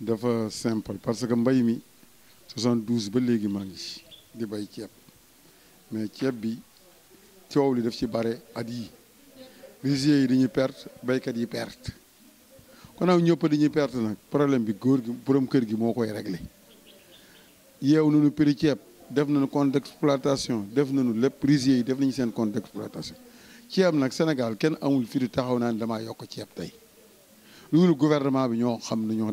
dafa simple parce que 72 ba qui mais bi daf ci baré at yi rizier yi perte baykat yi perte perte problème bi gi borom kër gi koy def nañu compte d'exploitation def nañu rizier yi def nañu compte d'exploitation Sénégal fi gouvernement bi ñoo xam ñoo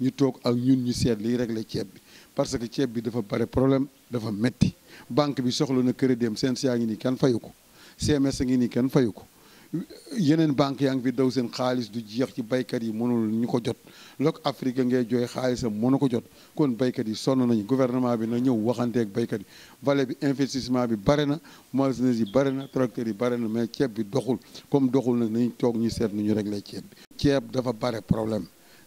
ñu toog ak ñun ñu seet liy régler ceeb bi parce que ceeb bi dafa bare problème dafa metti banque bi soxla na crédit am seen yaa ngi nii kenn fayu ko CMS ngi nii kenn fayu ko yeneen banque yaa ngi fi daw seen xaalis du jeex ci baykat yi mënul ñu ko jot lok Afrique ngay jooy xaalisam mënu ko jot kon baykat yi sonn nañu gouvernement bi na ñëw waxanteeg baykat yi vale bi investissement bi bare na moissonneuses yi bare na tracteurs yi bare na mais ceeb bi doxul comme doxul nag nañu toog ñu seet nu ñu réglé ceeb ceeb dafa bare problème